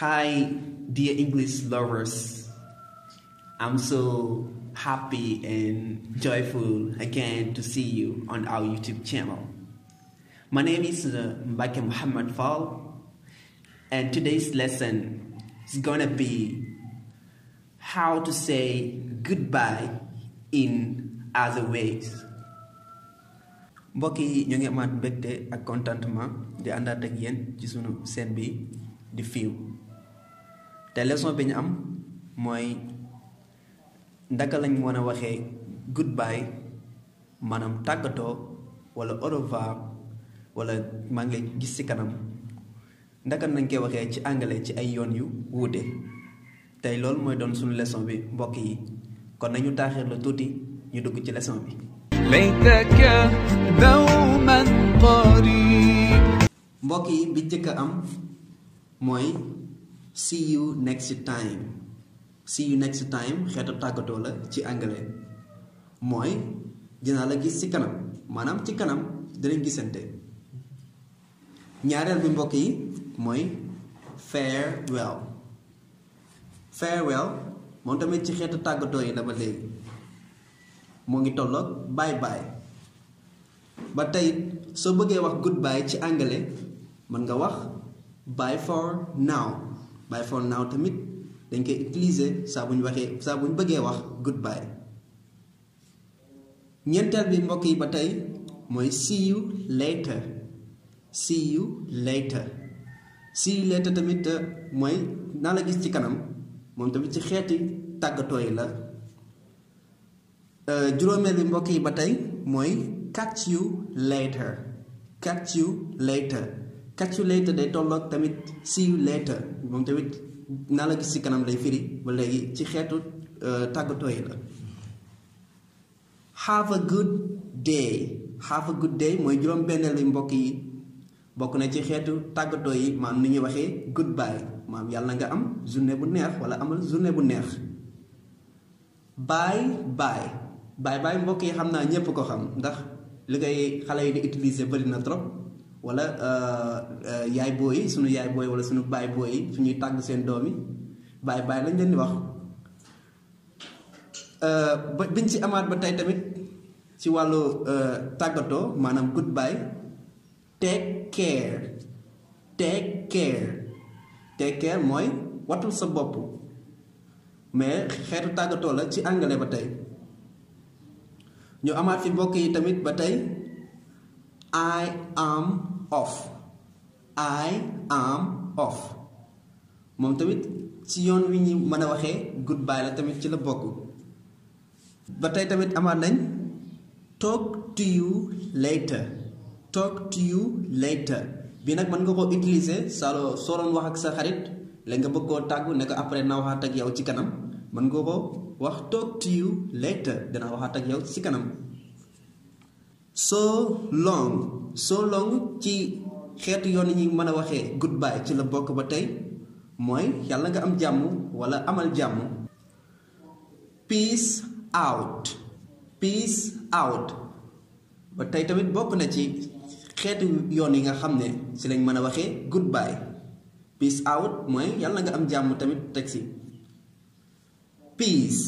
Hi, dear English lovers. I'm so happy and joyful again to see you on our YouTube channel. My name is uh, Mbake Muhammad Fall, and today's lesson is gonna be how to say goodbye in other ways. mbokk yi ñu ngi amaat mbégte ak di àndaat ak yéen ci sunu seen bi di fiiw te leçon bi ñu am mooy ndaka lañ mën a waxee goodbye maanaam tàggatoo wala au revoir wala maa ngi lay gis ci kanam ndaka nañ koy waxee ci anglais ci ay yoon yu wuute tey loolu mooy doon suñu leçon bi mbokk yi kon nañu taaxir la tuuti ñu dugg ci leçon bi mbokk yi bi jëkk a am mooy see you next time see you next time xeetu tàggatoo la ci anglais mooy dinaa la gis ci kanam maanaam ci kanam dinañ gisante ñaareel bi mbokk yi mooy farewell farewell moom tamit ci xeetu tàggatoo yi la ba léegi moo ngi tolloog bye bye ba tey soo bëggee wax goodbye ci anglais mën nga wax bye for now bye for now tamit dañ koy utiliser saa bu waxee saa bu ñu bëggee wax goodbye ñeenteel bi mbokk yi ba tey mooy see you later see you later see you tamit euh, mooy naa la gis ci kanam moom tamit ci xeeti tàggatoo yi la euh, juróomeel bi mbokk yi ba tey mooy catch yu later catch you later catch you later day tolloog tamit see you later moom tamit naa la gis ci kanam lay firi ba léegi ci xeetu euh, tàggatoo yi la have a good day have a good day mooy juróom benneel li mbokk yi bokk na ci xeetu tàggatoo yi maam ni ñuy waxee goodbye maam yàlla nga am journée bu neex wala amal journée bu neex bye bye bye bye mbokk yi xam naa ñépp ko xam ndax li ngay xale yi di utiliser bari na trop wala euh, euh, yaay booy sunu yaay booy wala sunu baay booy su ñuy tàgg seen doom yi baay baay lañ leen di wax euh, ba biñ ci amaat ba tey tamit ci wàllu tàggatoo maanaam goodbye take care take care take care mooy watul sa bopp mais xeetu tàggatoo la ci anglais ba tey ñu amaat fi mbokk yi tamit ba tey I am off I am off moom tamit si yoon wi ñu mën a waxee goodbye la tamit ci la bokk ba tey tamit amaat nañ talk to you later talk to you later bii nag mën nga koo utiliser salo soo doon wax ak sa xarit léegi nga bëgg koo tàggu ne ko après naa waxaat ak yow ci kanam mën nga ko wax talk to you later danaa waxaat ak yow ci kanam so long so long ci xeetu yoon yi ñuy mën a waxee goodbye ci la bokk ba tey mooy yàlla nga am jàmm walla amal jàmm peace out peace out ba tey tamit bokk na ci xeetu yoon yi nga xam ne ci lañ mën a waxee goodbye peace out mooy yàlla nga am jàmm tamit teg si peace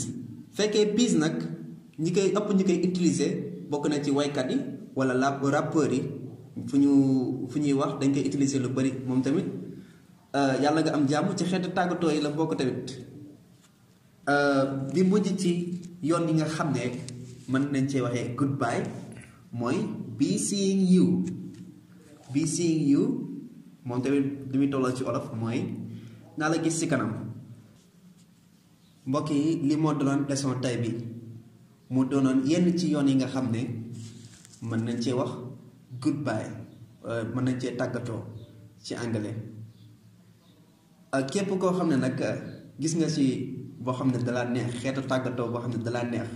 fekkee peace nag ñi koy ëpp ñi koy utiliser bokk nañ ci waykat yi wala la rappeurs yi fu ñu fu ñuy wax dañ koy utiliser lu bari moom tamit euh, yàlla nga am jàmm ci xeetu tàggatoo yi la bokk tamit bi euh, mujj ci yoon yi nga xam ne mën nañ cee waxee goodbye mooy be seeing you be seeing you moom tamit li muy tolloo ci olof mooy naa la gis ci kanam mbokk yi li moo doon leçon tay bi mu doonoon yenn ci yoon yi nga xam ne mën nañ cee wax goodbye euh, mën nañ cee tàggatoo ci anglais ak euh, képp koo xam ne nag euh, gis nga ci boo xam ne dalaa neex xeetu tàggatoo boo xam ne dalaa neex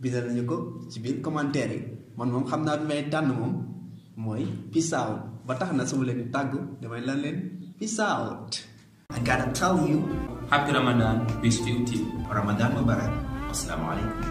bindal nañu ko ci biir commentaire yi man moom xam naa may tànn moom mooy peace ba tax na su leen di tàggu damay lan leen peace out I gotta tell you happy Ramadan peace be with you Ramadan